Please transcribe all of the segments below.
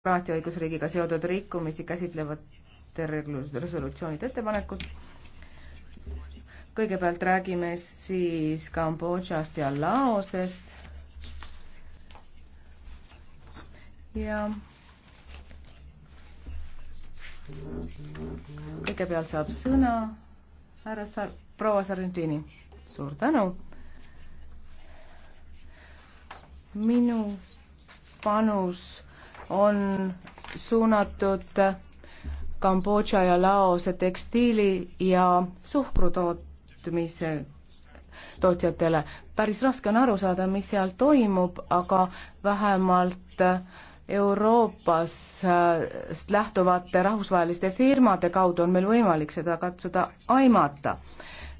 demokraatia õigusriigiga seotud rikkumisi käsitlevad resolutsioonid ettepanekud. kõigepealt räägime siis Kambodžast ja Laosest. ja kõigepealt saab sõna härra Sar-, proua Sargentini. suur tänu. minu panus on suunatud Kambodža ja Laose tekstiili ja suhkru tootmise tootjatele. päris raske on aru saada, mis seal toimub, aga vähemalt Euroopast lähtuvate rahvusvaheliste firmade kaudu on meil võimalik seda katsuda aimata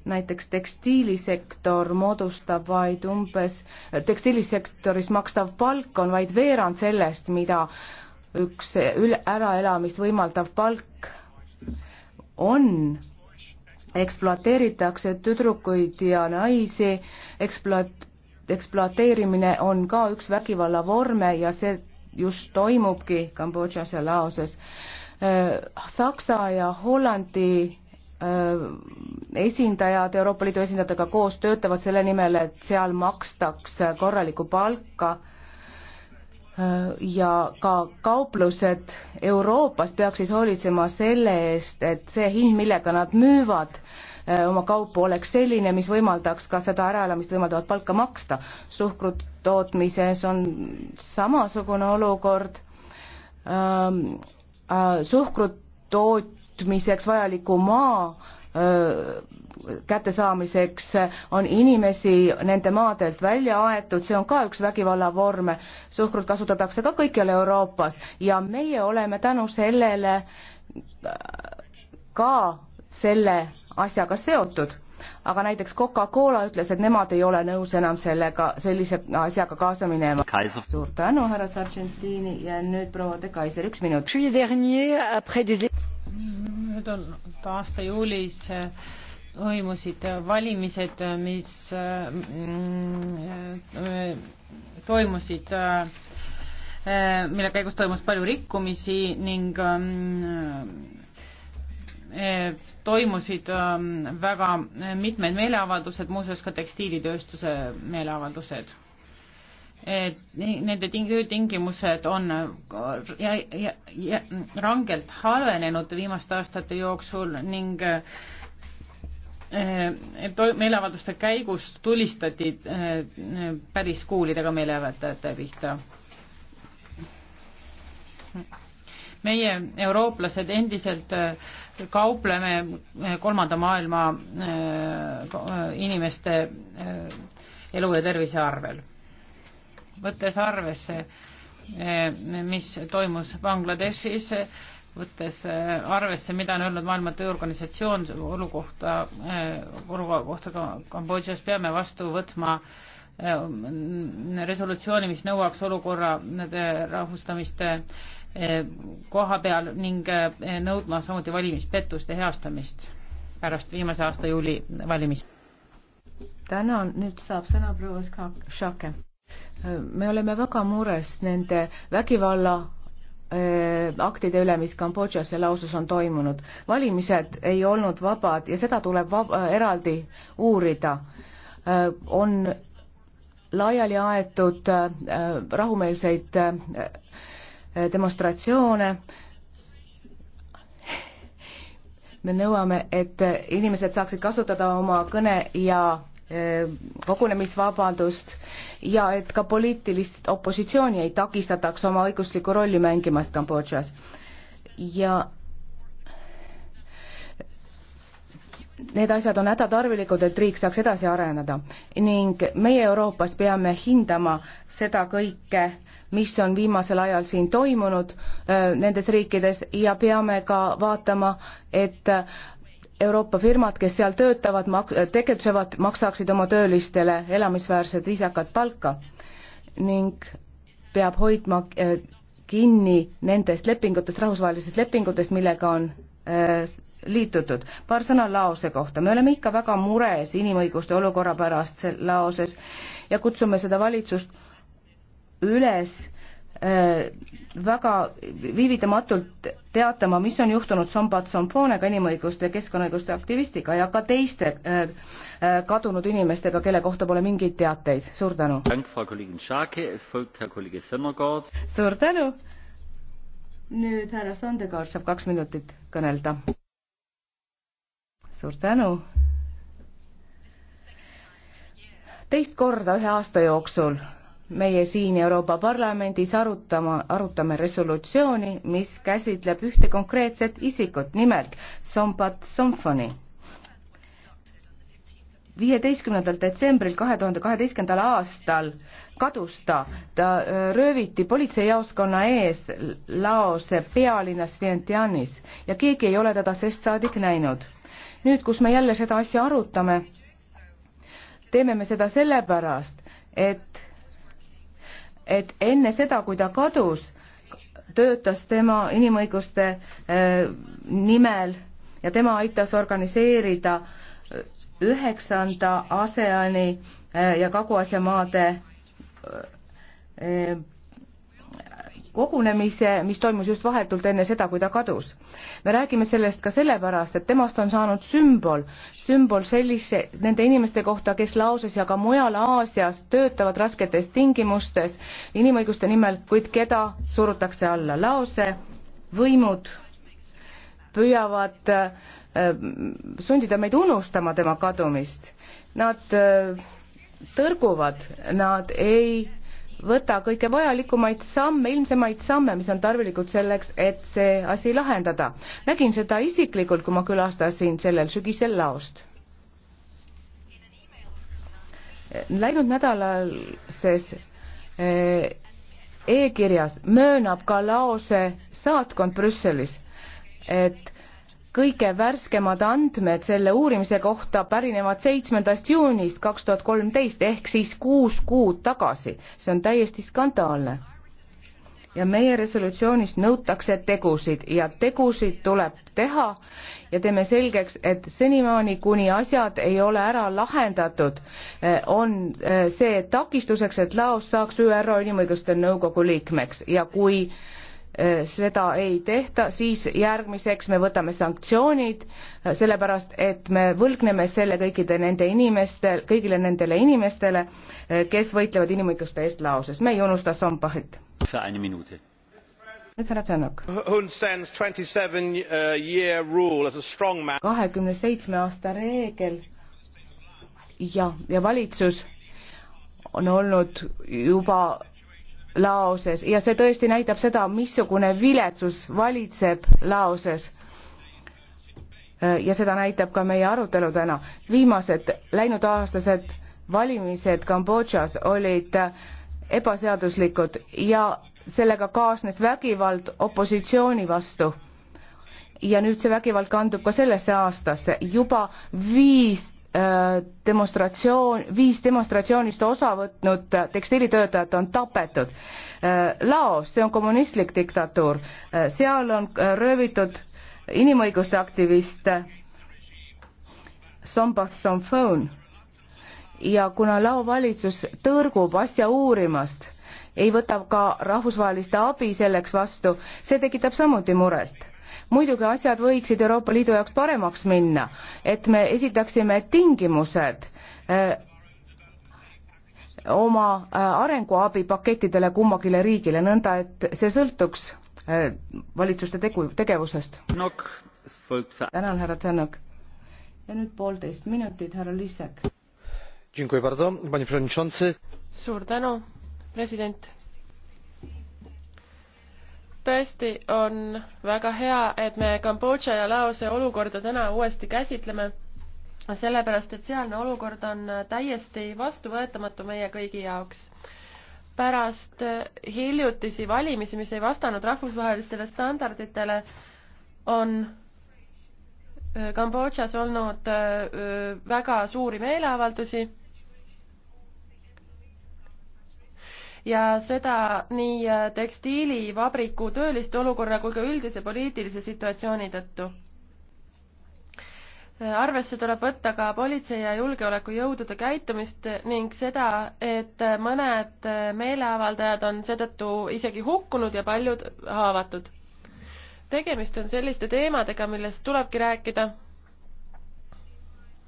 näiteks tekstiilisektor moodustab vaid umbes, tekstiilisektoris makstav palk on vaid veerand sellest, mida üks üle, äraelamist võimaldav palk on. ekspluateeritakse tüdrukuid ja naisi, ekspluat-, ekspluateerimine on ka üks vägivalla vorme ja see just toimubki Kambodžas ja Laoses. Äh, Saksa ja Hollandi Äh, esindajad, Euroopa Liidu esindajatega koos töötavad selle nimel, et seal makstaks korralikku palka äh, ja ka kauplused Euroopas peaksid hoolitsema selle eest, et see hind, millega nad müüvad äh, oma kaupu, oleks selline, mis võimaldaks ka seda äraelamist võimaldavat palka maksta. suhkru tootmises on samasugune olukord, suhkrut tootmiseks vajaliku maa kättesaamiseks on inimesi nende maadelt välja aetud, see on ka üks vägivalla vorme. suhkrut kasutatakse ka kõikjal Euroopas ja meie oleme tänu sellele ka selle asjaga seotud aga näiteks Coca-Cola ütles, et nemad ei ole nõus enam sellega, sellise asjaga kaasa minema. suur tänu, härra Sargentini ja nüüd proua de Kaiser, üks minut. nüüd on aasta juulis äh, äh, äh, mm, toimusid valimised, mis toimusid mille käigus toimus palju rikkumisi ning Eh, toimusid ähm, väga mitmed meeleavaldused, muuseas ka tekstiilitööstuse meeleavaldused. Nende töötingimused on äh, ja, ja, ja, rangelt halvenenud viimaste aastate jooksul ning äh, meeleavalduste käigus tulistati äh, päris kuulidega meeleavaldajate pihta meie, eurooplased, endiselt äh, kaupleme äh, kolmanda maailma äh, inimeste elu ja tervise arvel. võttes arvesse, mis toimus Bangladeshis, võttes arvesse, mida on öelnud Maailma Tööorganisatsioon olukohta, olukorra kohta ka Kambodžas, peame vastu võtma resolutsiooni, mis nõuaks olukorra rahustamist Eh, koha peal ning eh, nõudma samuti valimispettuste heastamist pärast viimase aasta juuli valimisi. tänan, nüüd saab sõna proua Šake. me oleme väga mures nende vägivalla eh, aktide üle, mis Kambodžas ja Laoses on toimunud. valimised ei olnud vabad ja seda tuleb vab eraldi uurida. on laiali aetud rahumeelseid Äh, demonstratsioone. me nõuame, et äh, inimesed saaksid kasutada oma kõne ja äh, kogunemisvabadust ja et ka poliitilist opositsiooni ei takistataks oma õiguslikku rolli mängimast Kambodžas. ja Need asjad on hädatarvilikud, et riik saaks edasi areneda ning meie Euroopas peame hindama seda kõike, mis on viimasel ajal siin toimunud äh, nendes riikides ja peame ka vaatama, et äh, Euroopa firmad, kes seal töötavad, mak-, tegutsevad, maksaksid oma töölistele elamisväärset viisakat palka ning peab hoidma äh, kinni nendest lepingutest, rahvusvahelistest lepingutest, millega on Äh, liitutud. paar sõna Laose kohta. me oleme ikka väga mures inimõiguste olukorra pärast Laoses ja kutsume seda valitsust üles äh, väga viivitamatult teatama, mis on juhtunud Sombat Sompoonega, inimõiguste ja keskkonnaõiguste aktivistiga ja ka teiste äh, äh kadunud inimestega, kelle kohta pole mingeid teateid. suur tänu! suur tänu! nüüd härra Sandekaar saab kaks minutit kõnelda. suur tänu. teist korda ühe aasta jooksul meie siin Euroopa Parlamendis arutama, arutame resolutsiooni, mis käsitleb ühte konkreetset isikut, nimelt Sombat Somfoni viieteistkümnendal detsembril kahe tuhande kaheteistkümnendal aastal kadus ta, ta äh, rööviti politseijaoskonna ees Laose pealinnas Vientianis ja keegi ei ole teda sest saadik näinud. nüüd, kus me jälle seda asja arutame, teeme me seda sellepärast, et, et enne seda, kui ta kadus, töötas tema inimõiguste äh, nimel ja tema aitas organiseerida äh, üheksanda ASEAN-i äh, ja Kagu-Aasia maade äh, kogunemise, mis toimus just vahetult enne seda, kui ta kadus. me räägime sellest ka sellepärast, et temast on saanud sümbol, sümbol sellise, nende inimeste kohta, kes Laoses ja ka mujal Aasias töötavad rasketes tingimustes inimõiguste nimel, kuid keda surutakse alla. Laose võimud püüavad äh, Ähm, sundida meid unustama tema kadumist. Nad äh, tõrguvad, nad ei võta kõige vajalikumaid samme, ilmsemaid samme, mis on tarvilikud selleks, et see asi lahendada. nägin seda isiklikult, kui ma külastasin sellel sügisel laost. Läinud nädalases äh, e-kirjas möönab ka laose saatkond Brüsselis, et kõige värskemad andmed selle uurimise kohta pärinevad seitsmendast juunist kaks tuhat kolmteist ehk siis kuus kuud tagasi. see on täiesti skandaalne. ja meie resolutsioonis nõutakse tegusid ja tegusid tuleb teha ja teeme selgeks, et senimaani, kuni asjad ei ole ära lahendatud, eh, on eh, see takistuseks, et Laos saaks ÜRO Inimõiguste Nõukogu liikmeks ja kui äh, Äh, seda ei tehta, siis järgmiseks me võtame sanktsioonid, äh, sellepärast et me võlgneme selle kõikide nende inimeste, kõigile nendele inimestele, äh, kes võitlevad inimõiguste eest Laoses, me ei unusta Sombahit. nüüd härra Tšanok. Uh, kahekümne seitsme aasta reegel ja, ja valitsus on olnud juba Laoses ja see tõesti näitab seda, missugune viletsus valitseb Laoses ja seda näitab ka meie arutelu täna. viimased läinud aastased valimised Kambodžas olid ebaseaduslikud ja sellega kaasnes vägivald opositsiooni vastu. ja nüüd see vägivald kandub ka sellesse aastasse. juba viis Äh, demonstratsioon, viis demonstratsioonist osa võtnud tekstiilitöötajat on tapetud. Äh, Laos, see on kommunistlik diktatuur, äh, seal on röövitud inimõiguste aktiviste Sombath Somphone ja kuna Lao valitsus tõrgub asja uurimast, ei võta ka rahvusvahelist abi selleks vastu, see tekitab samuti murest muidugi asjad võiksid Euroopa Liidu jaoks paremaks minna, et me esitaksime tingimused eh, oma eh, arenguabipakettidele kummagile riigile, nõnda et see sõltuks eh, valitsuste tegu, tegevusest. tänan, härra Tšanok. ja nüüd poolteist minutit, härra Lissek. suur tänu, president tõesti on väga hea, et me Kambodža ja Laose olukorda täna uuesti käsitleme, sellepärast et sealne olukord on täiesti vastuvõetamatu meie kõigi jaoks. pärast hiljutisi valimisi, mis ei vastanud rahvusvahelistele standarditele, on Kambodžas olnud äh, väga suuri meeleavaldusi ja seda nii äh, tekstiilivabriku tööliste olukorra kui ka üldise poliitilise situatsiooni tõttu. Äh, arvesse tuleb võtta ka politsei ja julgeolekujõudude käitumist ning seda, et äh, mõned meeleavaldajad on seetõttu isegi hukkunud ja paljud haavatud. tegemist on selliste teemadega, millest tulebki rääkida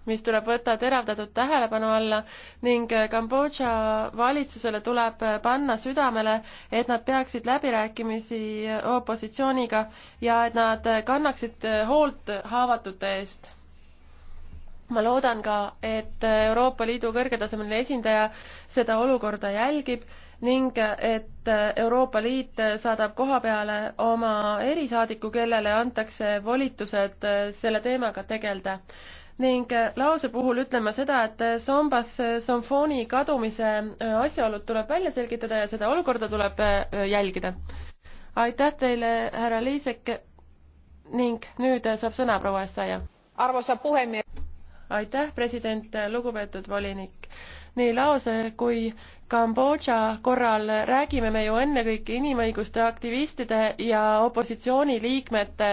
mis tuleb võtta teravdatud tähelepanu alla ning Kambodža valitsusele tuleb panna südamele, et nad peaksid läbirääkimisi opositsiooniga ja et nad kannaksid hoolt haavatute eest. ma loodan ka, et Euroopa Liidu kõrgetasemeline esindaja seda olukorda jälgib ning et Euroopa Liit saadab koha peale oma erisaadiku, kellele antakse volitused selle teemaga tegeleda ning äh, lause puhul ütlen ma seda, et äh, Sombas äh, somfooni kadumise asjaolud tuleb välja selgitada ja seda olukorda tuleb jälgida. aitäh teile, härra Liisek ning nüüd saab sõna proua Essaja. arvoisa puhemees. aitäh, president, lugupeetud volinik nii Laose kui Kambodža korral räägime me ju ennekõike inimõiguste aktivistide ja opositsiooniliikmete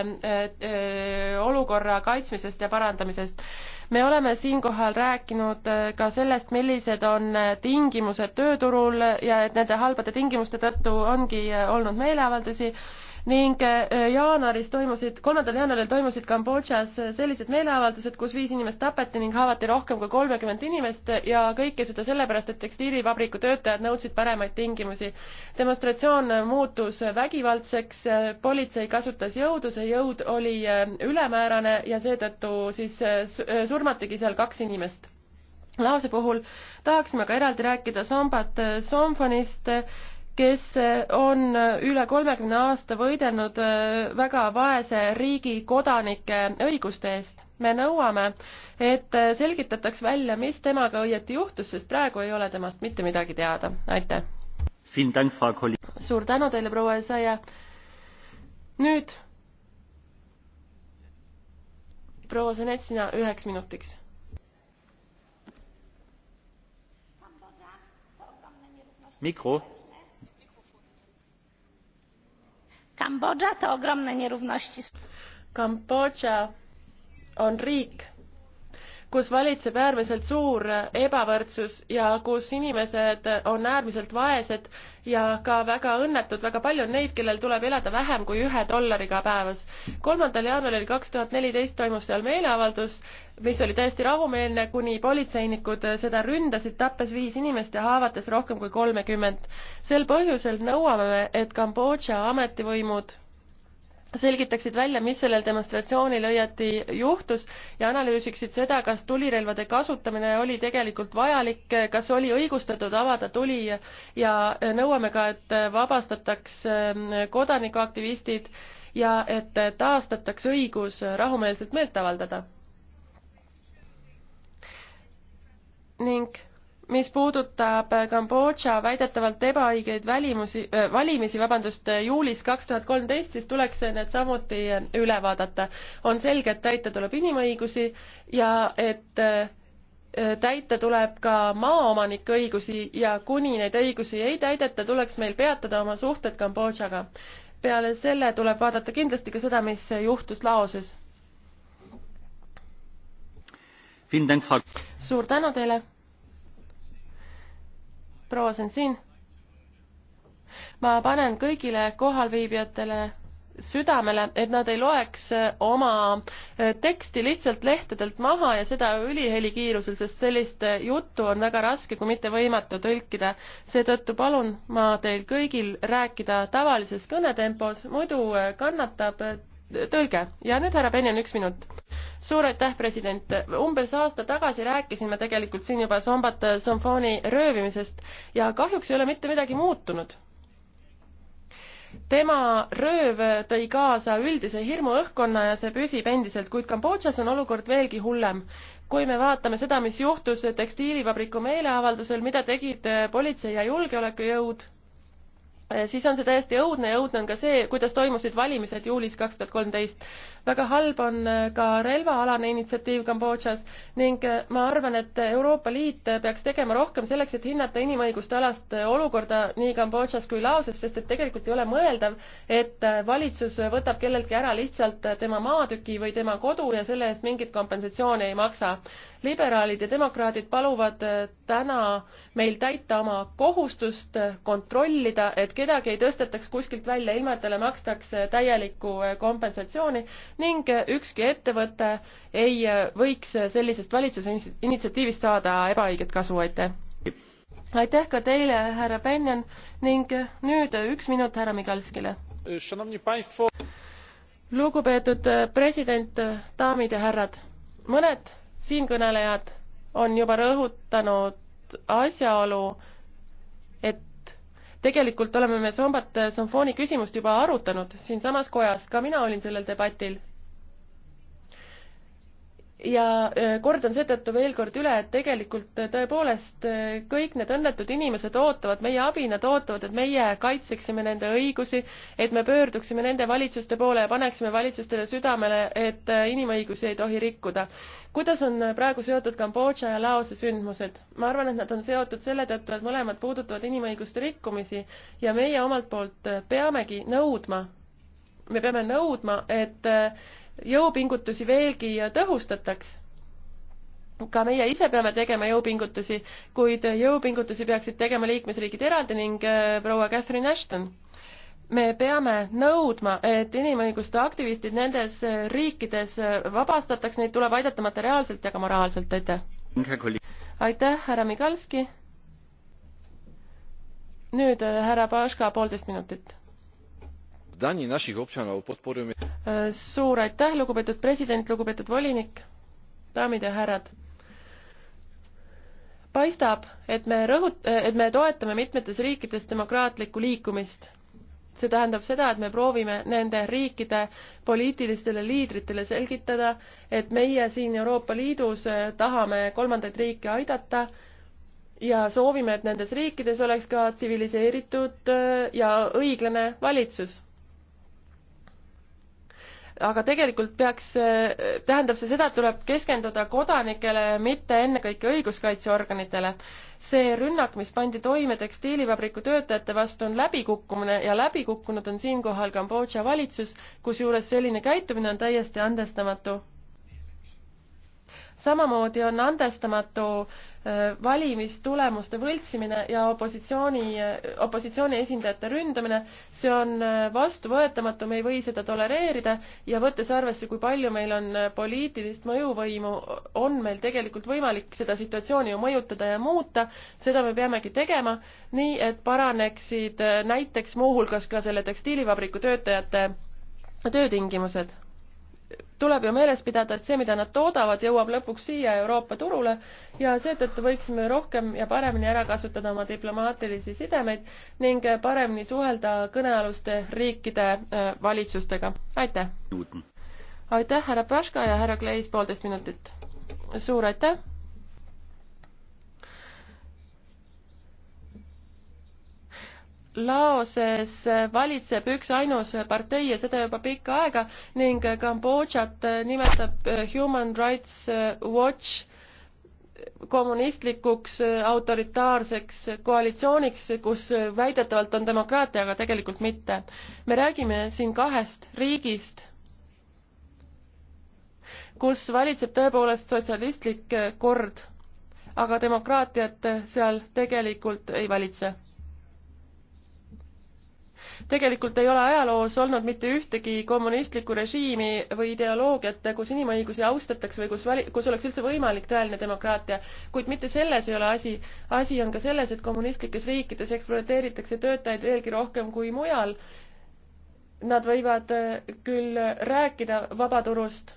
olukorra kaitsmisest ja parandamisest. me oleme siinkohal rääkinud ka sellest, millised on tingimused tööturul ja et nende halbade tingimuste tõttu ongi olnud meeleavaldusi ning eh, jaanuaris toimusid, kolmandal jaanuaril toimusid Kambodžas eh, sellised meeleavaldused, kus viis inimest tapeti ning haavati rohkem kui kolmekümmend inimest ja kõike seda sellepärast, et tekstiilivabriku töötajad nõudsid paremaid tingimusi. demonstratsioon eh, muutus vägivaldseks, politsei kasutas jõudu, see jõud oli ülemäärane ja seetõttu siis surmatigi seal kaks inimest lause puhul tahaksime ka eraldi rääkida Sombat Somfonist kes eh, on eh, üle kolmekümne aasta võidelnud eh, väga vaese riigi kodanike õiguste eest. me nõuame, et selgitataks välja, mis temaga õieti juhtus, sest praegu ei ole temast mitte midagi teada. aitäh! suur tänu teile, proua Esaja! nüüd proua Senetsina üheks minutiks Mikro Kambodża to ogromne nierówności. Kambodża on riik, kus valitseb äärmiselt suur ebavõrdsus ja kus inimesed on äärmiselt vaesed ja ka väga õnnetud, väga palju on neid, kellel tuleb elada vähem kui ühe dollariga päevas. kolmandal jaanuaril kaks tuhat neliteist toimus seal meeleavaldus, mis oli täiesti rahumeelne, kuni politseinikud seda ründasid, tappes viis inimest ja haavates rohkem kui kolmekümmend. sel põhjusel nõuame me, et Kambodža ametivõimud selgitaksid välja, mis sellel demonstratsioonil õieti juhtus ja analüüsiksid seda, kas tulirelvade kasutamine oli tegelikult vajalik, kas oli õigustatud avada tuli ja nõuame ka, et vabastataks ähm, kodanikuaktivistid ja et taastataks õigus rahumeelselt meelt avaldada. ning mis puudutab Kambodža väidetavalt ebaõigeid välimusi äh,, valimisi, vabandust, juulis kaks tuhat kolmteist, siis tuleks need samuti üle vaadata. on selge, et täita tuleb inimõigusi ja et äh, täita tuleb ka maaomanike õigusi ja kuni neid õigusi ei täideta, tuleks meil peatada oma suhted Kambodžaga. peale selle tuleb vaadata kindlasti ka seda, mis juhtus Laoses. suur tänu teile! proua Sensin, ma panen kõigile kohalviibijatele südamele, et nad ei loeks oma teksti lihtsalt lehtedelt maha ja seda ülihelikiirusel, sest sellist juttu on väga raske, kui mitte võimatu tõlkida. seetõttu palun ma teil kõigil rääkida tavalises kõnetempos, muidu kannatab tõlge. ja nüüd härra Benjan, üks minut suur aitäh, president. umbes aasta tagasi rääkisime tegelikult siin juba Sombat Somfoni röövimisest ja kahjuks ei ole mitte midagi muutunud. tema rööv tõi kaasa üldise hirmuõhkkonna ja see püsib endiselt, kuid Kambodžas on olukord veelgi hullem kui me vaatame seda, mis juhtus tekstiilivabriku meeleavaldusel, mida tegid politsei ja julgeolekujõud, siis on see täiesti õudne ja õudne on ka see, kuidas toimusid valimised juulis kaks tuhat kolmteist väga halb on äh, ka relvaalane initsiatiiv Kambodžas ning äh, ma arvan, et Euroopa Liit äh, peaks tegema rohkem selleks, et hinnata inimõiguste alast olukorda nii Kambodžas kui Laoses, sest et tegelikult ei ole mõeldav, et valitsus võtab kelleltki ära lihtsalt tema maatüki või tema kodu ja selle eest mingit kompensatsiooni ei maksa. liberaalid ja demokraadid paluvad täna meil täita oma kohustust kontrollida, et kedagi ei tõstetaks kuskilt välja, ilma et talle makstakse täielikku kompensatsiooni ning ükski ettevõte ei võiks sellisest valitsuse initsiatiivist saada ebaõiget kasu, aitäh! aitäh ka teile, härra Benjan ning nüüd üks minut härra Migalskile. lugupeetud president, daamid ja härrad, mõned siinkõnelejad on juba rõhutanud asjaolu, et tegelikult oleme me Sombat Somfooni küsimust juba arutanud siinsamas kojas, ka mina olin sellel debatil ja äh, kordan seetõttu veel kord üle, et tegelikult äh, tõepoolest äh, kõik need õnnetud inimesed ootavad meie abi, nad ootavad, et meie kaitseksime nende õigusi, et me pöörduksime nende valitsuste poole ja paneksime valitsustele südamele, et inimõigusi ei tohi rikkuda. kuidas on praegu seotud Kambodža ja Laose sündmused? ma arvan, et nad on seotud selle tõttu, et mõlemad puudutavad inimõiguste rikkumisi ja meie omalt poolt peamegi nõudma, me peame nõudma, et jõupingutusi veelgi tõhustataks. ka meie ise peame tegema jõupingutusi, kuid jõupingutusi peaksid tegema liikmesriigid eraldi ning äh, proua Catherine Ashton me peame nõudma, et inimõiguste aktivistid nendes äh, riikides äh, vabastataks, neid tuleb aidata materiaalselt ja ka moraalselt, aitäh. aitäh, härra Migalski. nüüd härra Paška, poolteist minutit z daní našich občanov podporujeme suur aitäh, lugupeetud president, lugupeetud volinik, daamid ja härrad. paistab, et me rõhut-, et me toetame mitmetes riikides demokraatlikku liikumist. see tähendab seda, et me proovime nende riikide poliitilistele liidritele selgitada, et meie siin Euroopa Liidus äh, tahame kolmandaid riike aidata ja soovime, et nendes riikides oleks ka tsiviliseeritud äh, ja õiglane valitsus aga tegelikult peaks, tähendab see seda, et tuleb keskenduda kodanikele, mitte ennekõike õiguskaitseorganitele. see rünnak, mis pandi toime tekstiilivabriku töötajate vastu, on läbikukkumine ja läbikukkunud on siinkohal Kambodža valitsus, kusjuures selline käitumine on täiesti andestamatu samamoodi on andestamatu äh, valimistulemuste võltsimine ja opositsiooni, äh, opositsiooni esindajate ründamine, see on äh, vastuvõetamatu, me ei või seda tolereerida ja võttes arvesse, kui palju meil on poliitilist mõjuvõimu, on meil tegelikult võimalik seda situatsiooni ju mõjutada ja muuta, seda me peamegi tegema, nii et paraneksid näiteks muuhulgas ka selle tekstiilivabriku töötajate töötingimused tuleb ju meeles pidada, et see, mida nad toodavad, jõuab lõpuks siia Euroopa turule ja seetõttu võiksime rohkem ja paremini ära kasutada oma diplomaatilisi sidemeid ning paremini suhelda kõnealuste riikide äh, valitsustega. aitäh! aitäh, härra Praška ja härra Kleis, poolteist minutit. suur aitäh! Laoses valitseb üks ainus partei ja seda juba pikka aega ning Kambodžat nimetab Human Rights Watch kommunistlikuks autoritaarseks koalitsiooniks, kus väidetavalt on demokraatia, aga tegelikult mitte. me räägime siin kahest riigist, kus valitseb tõepoolest sotsialistlik kord, aga demokraatiat seal tegelikult ei valitse tegelikult ei ole ajaloos olnud mitte ühtegi kommunistlikku režiimi või ideoloogiat, kus inimõigusi austatakse või kus väli, kus oleks üldse võimalik tõeline demokraatia. kuid mitte selles ei ole asi. asi on ka selles, et kommunistlikes riikides ekspluateeritakse töötajaid veelgi rohkem kui mujal. Nad võivad äh, küll rääkida vabaturust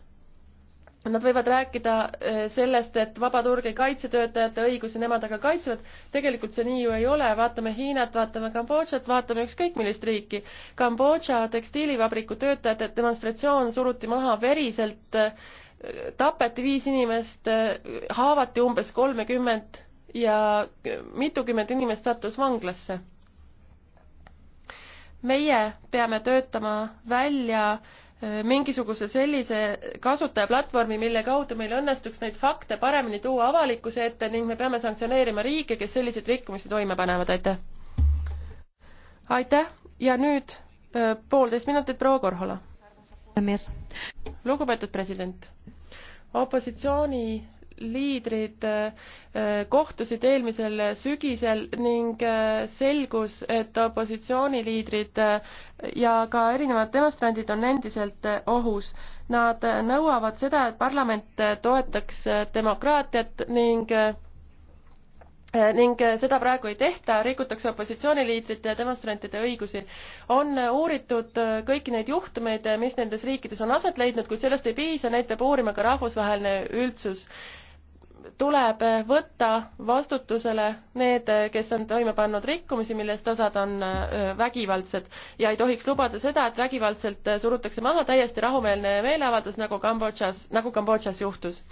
Nad võivad rääkida äh, sellest, et vaba turg ei kaitse töötajate õigusi, nemad aga kaitsevad. tegelikult see nii ju ei ole, vaatame Hiinat, vaatame Kambodžat, vaatame ükskõik millist riiki. Kambodža tekstiilivabriku töötajate demonstratsioon suruti maha veriselt, äh, tapeti viis inimest, äh, haavati umbes kolmekümmend ja mitukümmend inimest sattus vanglasse. meie peame töötama välja äh, mingisuguse sellise kasutajaplatvormi, mille kaudu meil õnnestuks neid fakte paremini tuua avalikkuse ette ning me peame sanktsioneerima riike, kes selliseid rikkumisi toime panevad, aitäh. aitäh ja nüüd äh, poolteist minutit proua Korhola. lugupeetud president, opositsiooni liidrid äh, kohtusid eelmisel sügisel ning äh, selgus, et opositsiooniliidrid äh, ja ka erinevad demonstrandid on endiselt ohus. Nad nõuavad seda, et parlament toetaks demokraatiat ning ning seda praegu ei tehta, rikutakse opositsiooniliidrite ja demonstrantide õigusi. on uuritud kõiki neid juhtumeid, mis nendes riikides on aset leidnud, kuid sellest ei piisa, neid peab uurima ka rahvusvaheline üldsus tuleb võtta vastutusele need, kes on toime pannud rikkumisi, millest osad on vägivaldsed ja ei tohiks lubada seda, et vägivaldselt surutakse maha täiesti rahumeelne meeleavaldus, nagu Kambodžas, nagu Kambodžas juhtus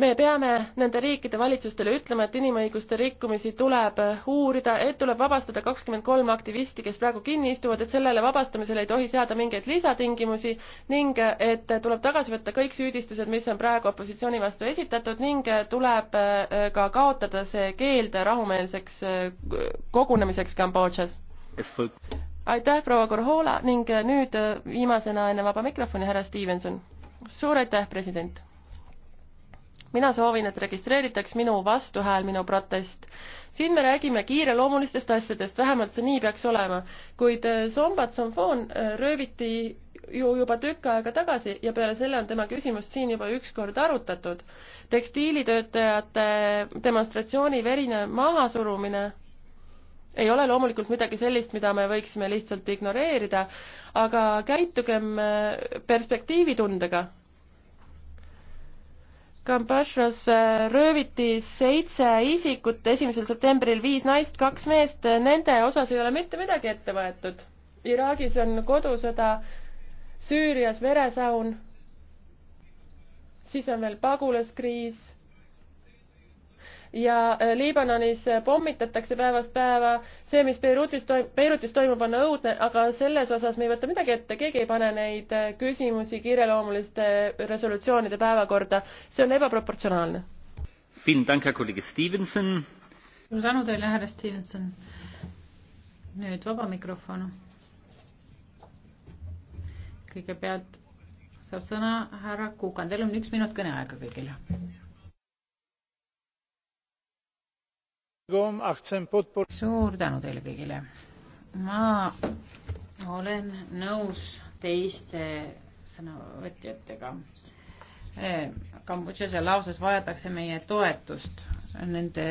me peame nende riikide valitsustele ütlema, et inimõiguste rikkumisi tuleb uurida, et tuleb vabastada kakskümmend kolm aktivisti, kes praegu kinni istuvad, et sellele vabastamisele ei tohi seada mingeid lisatingimusi ning et tuleb tagasi võtta kõik süüdistused, mis on praegu opositsiooni vastu esitatud ning tuleb äh, ka kaotada see keeld rahumeelseks äh, kogunemiseks Kambodžas. aitäh, proua Korhola ning nüüd äh, viimasena enne vaba mikrofoni härra Stevenson. suur aitäh, president mina soovin, et registreeritaks minu vastuhääl, minu protest. siin me räägime kiireloomulistest asjadest, vähemalt see nii peaks olema, kuid äh, Somba Tsonfon äh, rööviti ju juba tükk aega tagasi ja peale selle on tema küsimust siin juba ükskord arutatud. tekstiilitöötajate demonstratsiooni verine mahasurumine ei ole loomulikult midagi sellist, mida me võiksime lihtsalt ignoreerida, aga käitugem äh, perspektiivitundega Kambashas äh, rööviti seitse isikut, esimesel septembril viis naist, kaks meest, nende osas ei ole mitte midagi ette võetud. Iraagis on kodusõda, Süürias veresaun, siis on veel pagulaskriis ja äh, Liibanonis äh, pommitatakse päevast päeva. see, mis Beirutis toimub, Beirutis toimub, on õudne, aga selles osas me ei võta midagi ette, keegi ei pane neid äh, küsimusi kiireloomuliste resolutsioonide päevakorda. see on ebaproportsionaalne. suur tänu teile, härra Stevenson. nüüd vaba mikrofon. kõigepealt saab sõna härra Kukan, teil on üks minut kõneaega kõigile suur tänu teile kõigile. ma olen nõus teiste sõnavõtjatega. Eh, Kambodžas ja Laoses vajatakse meie toetust nende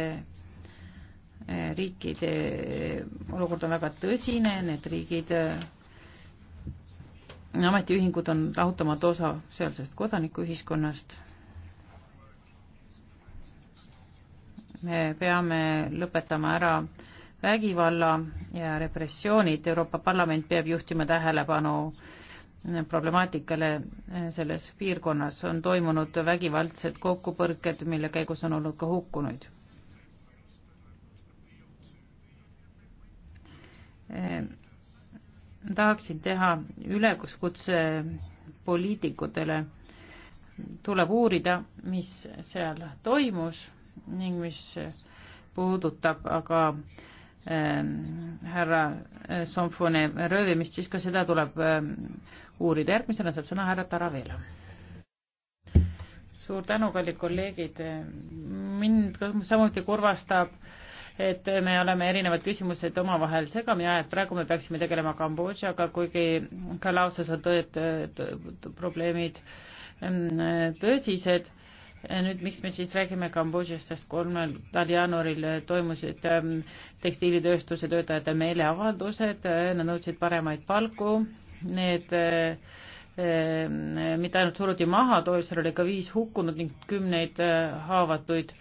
eh, riikide eh, olukord on väga tõsine, need riigid, ametiühingud on lahutamatu osa sealsest kodanikuühiskonnast me peame lõpetama ära vägivalla ja repressioonid, Euroopa Parlament peab juhtima tähelepanu problemaatikale selles piirkonnas, on toimunud vägivaldsed kokkupõrked, mille käigus on olnud ka hukkunuid. Ehm, tahaksin teha üleskutse poliitikutele, tuleb uurida, mis seal toimus ning mis äh, puudutab aga ähm, härra äh, Somfone röövimist, siis ka seda tuleb ähm, uurida. järgmisena saab sõna härra Taravela. suur tänu, kallid kolleegid. mind samuti kurvastab et me oleme erinevad küsimused omavahel segamini ajanud, praegu me peaksime tegelema Kambodžaga, kuigi ka Laoses on tõed, probleemid ähm, tõsised nüüd miks me siis räägime Kambodžast, sest kolmandal jaanuaril toimusid ähm, tekstiilitööstuse töötajate meeleavaldused, äh, nad nõudsid paremaid palku, need äh, äh, mitte ainult suruti maha, seal oli ka viis hukkunut ning kümneid haavatuid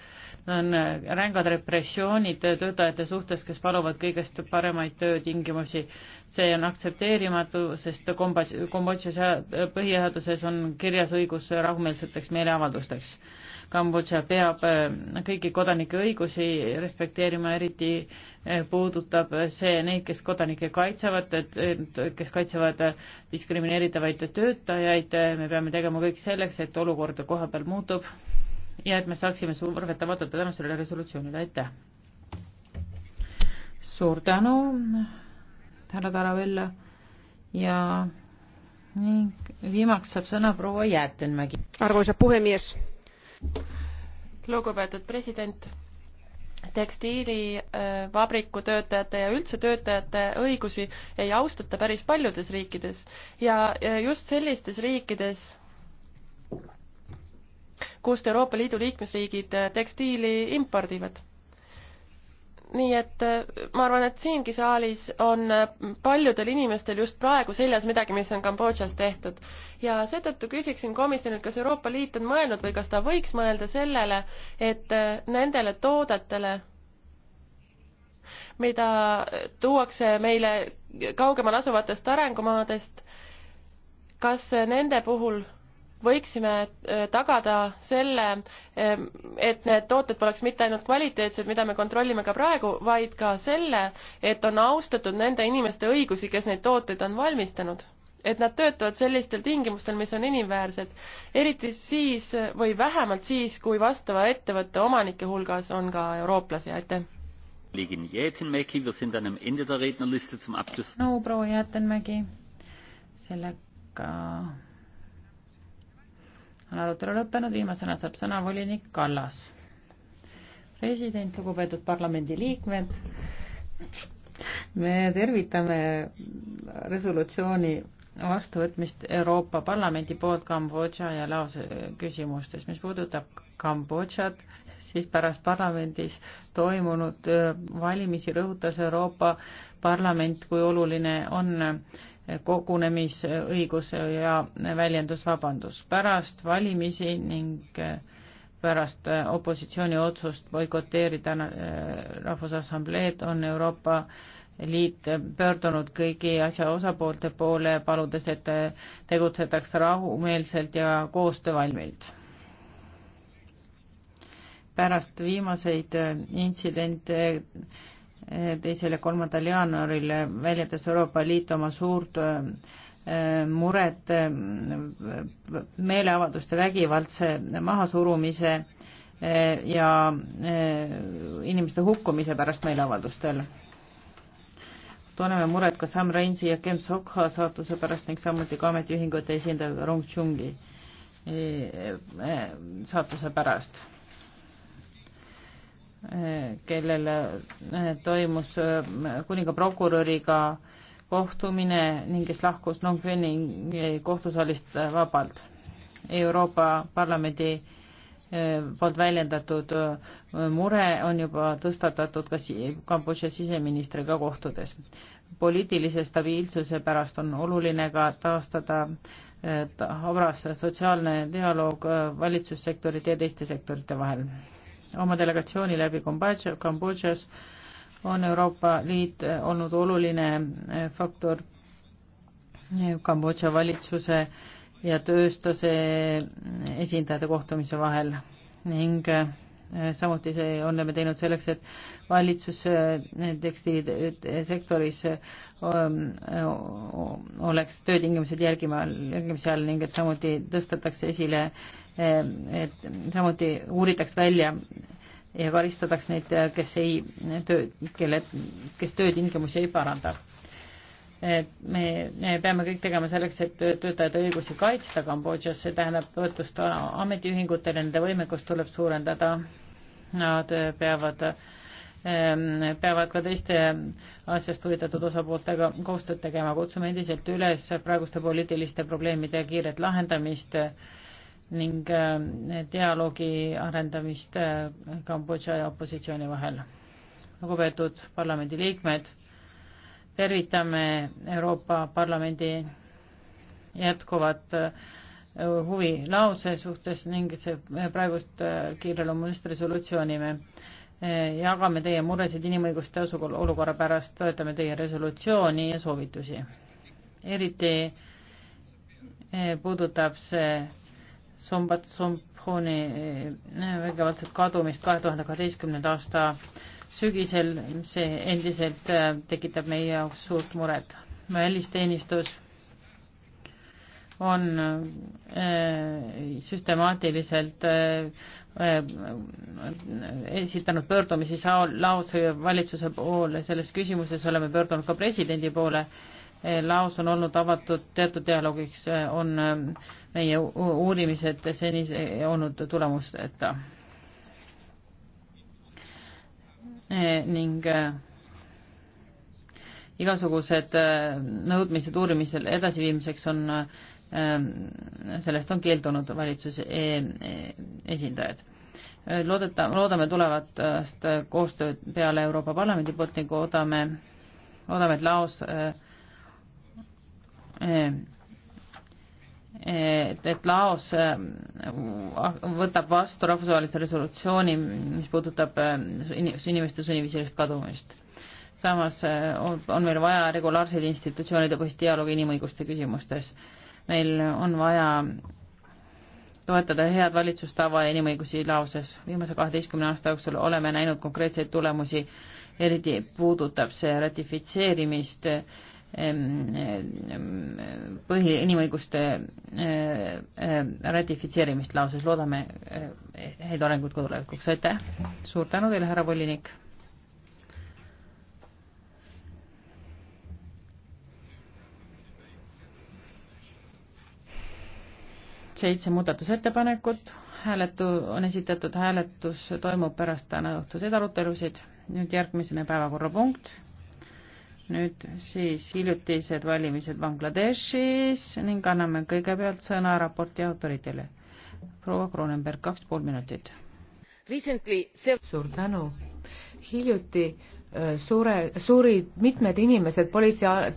on rängad repressioonid töötajate suhtes, kes paluvad kõigest paremaid töötingimusi. see on aktsepteerimatu, sest kombats-, Kambodža põhiseaduses on kirjas õigus rahumeelseteks meeleavaldusteks. Kambodža peab äh, kõiki kodanike õigusi respekteerima, eriti äh, puudutab see neid, kes kodanikke kaitsevad, kes kaitsevad äh, diskrimineeritavaid töötajaid, me peame tegema kõik selleks, et olukord koha peal muutub ja et me saaksime survet avaldada tänu sellele resolutsioonile, aitäh! suur tänu, härra Taravella ja ning viimaks saab sõna proua Jäätenmägi. arvoisa puhemees! lugupeetud president tekstiilivabriku äh, töötajate ja üldse töötajate õigusi ei austata päris paljudes riikides ja äh, just sellistes riikides, kust Euroopa Liidu liikmesriigid äh, tekstiili impordivad. nii et äh, ma arvan, et siingi saalis on äh, paljudel inimestel just praegu seljas midagi, mis on Kambodžas tehtud. ja seetõttu küsiksin komisjonilt, kas Euroopa Liit on mõelnud või kas ta võiks mõelda sellele, et nendele toodetele, mida tuuakse meile kaugemal asuvatest arengumaadest, kas nende puhul võiksime äh, tagada selle, ähm, et need tooted poleks mitte ainult kvaliteetsed, mida me kontrollime ka praegu, vaid ka selle, et on austatud nende inimeste õigusi, kes neid tooteid on valmistanud. et nad töötavad sellistel tingimustel, mis on inimväärsed, eriti siis või vähemalt siis, kui vastava ettevõtte omanike hulgas on ka eurooplasi, aitäh! no proua Jäätenmägi, sellega on arutelu lõppenud, viimasena saab sõna volinik Kallas. president, lugupeetud parlamendiliikmed, me tervitame resolutsiooni vastuvõtmist Euroopa Parlamendi poolt Kambodža ja Laos küsimustes. mis puudutab Kambodžat, siis pärast parlamendis toimunud valimisi rõhutas Euroopa Parlament, kui oluline on kogunemisõigus ja väljendusvabandus. pärast valimisi ning äh, pärast äh, opositsiooni otsust boikoteerida äh, Rahvusassambleed on Euroopa Liit pöördunud kõigi asja osapoolte poole, paludes, et tegutsetaks rahumeelselt ja koostöövalmilt. pärast viimaseid intsidente teisel ja kolmandal jaanuaril väljendas Euroopa Liit oma suurt äh, muret äh, meeleavalduste vägivaldse mahasurumise äh, ja inimeste hukkumise pärast meeleavaldustel. tunneme muret ka Sam Rainsi ja Kem Sokha saatuse pärast ning samuti ka ametiühingute esindaja Rong Chungi saatuse pärast kellel eh, toimus eh, kuninga prokuröriga kohtumine ning kes lahkus Longfeni kohtusaalist eh, vabalt. Euroopa Parlamendi poolt väljendatud mure on juba tõstatatud ka Kambodža siseministriga kohtudes. poliitilise stabiilsuse pärast on oluline ka taastada habras sotsiaalne dialoog valitsussektorite ja teiste sektorite vahel oma delegatsiooni läbi Kambodžas on Euroopa Liit eh, olnud oluline eh, faktor Kambodža valitsuse ja tööstuse eh, esindajate kohtumise vahel ning Äh, samuti see oleme teinud selleks, et valitsus äh, tekstiilisektoris äh, ähm, oleks töötingimused järgima, järgimise all ning et samuti tõstetakse esile, ähm, et samuti uuritaks välja ja karistataks neid, kes ei töö, kelle, kes töötingimusi ei paranda et me peame kõik tegema selleks, et töötajate õigusi kaitsta Kambodžas, see tähendab toetust ametiühingutele, nende võimekust tuleb suurendada. Nad peavad, ehm, peavad ka teiste asjast huvitatud osapooltega koostööd tegema, kutsume endiselt üles praeguste poliitiliste probleemide kiiret lahendamist ning ehm, dialoogi arendamist ehm, Kambodža ja opositsiooni vahel. lugupeetud parlamendiliikmed tervitame Euroopa Parlamendi jätkuvat äh, huvi lause suhtes ning see äh, praegust äh, kiireloomulist resolutsiooni me jagame teie muresid inimõiguste olukorra pärast, toetame teie resolutsiooni ja soovitusi. eriti puudutab see Sombat Somponi vägivaldset kadumist kahe tuhande kaheteistkümnenda aasta sügisel, see endiselt äh, tekitab meie jaoks suurt muret. välisteenistus on äh, süstemaatiliselt äh, esitanud pöördumisi Laose valitsuse poole, selles küsimuses oleme pöördunud ka presidendi poole. Laos on olnud avatud teatud dialoogiks, on meie uurimised seni olnud tulemusteta Eh, ning eh, igasugused eh, nõudmised uurimisel edasiviimiseks on, sellest on keeldunud valitsuse esindajad. Loodeta, loodame tulevast koostööd peale Euroopa Parlamendi poolt ning oodame, oodame, et Laos et, et Laos äh, võtab vastu rahvusvahelise resolutsiooni, mis puudutab äh, inimeste sunniviisilist kadumist. samas äh, on, on meil vaja regulaarseid institutsioonide põhist dialoogi inimõiguste küsimustes. meil on vaja toetada head valitsustava ja inimõigusi Laoses. viimase kaheteistkümne aasta jooksul oleme näinud konkreetseid tulemusi, eriti puudutab see ratifitseerimist äh, põhi, inimõiguste eh, eh, ratifitseerimist lauses, loodame eh, häid arenguid ka tulevikuks, aitäh! suur tänu teile, härra volinik! seitse muudatusettepanekut, hääletu, on esitatud, hääletus toimub pärast täna õhtuseid arutelusid, nüüd järgmisena päevakorrapunkt nüüd siis hiljutised valimised Bangladeshis ning anname kõigepealt sõna raporti autoritele. proua Kronenberg, kaks pool minutit. suur tänu. hiljuti äh, sure, surid mitmed inimesed politsei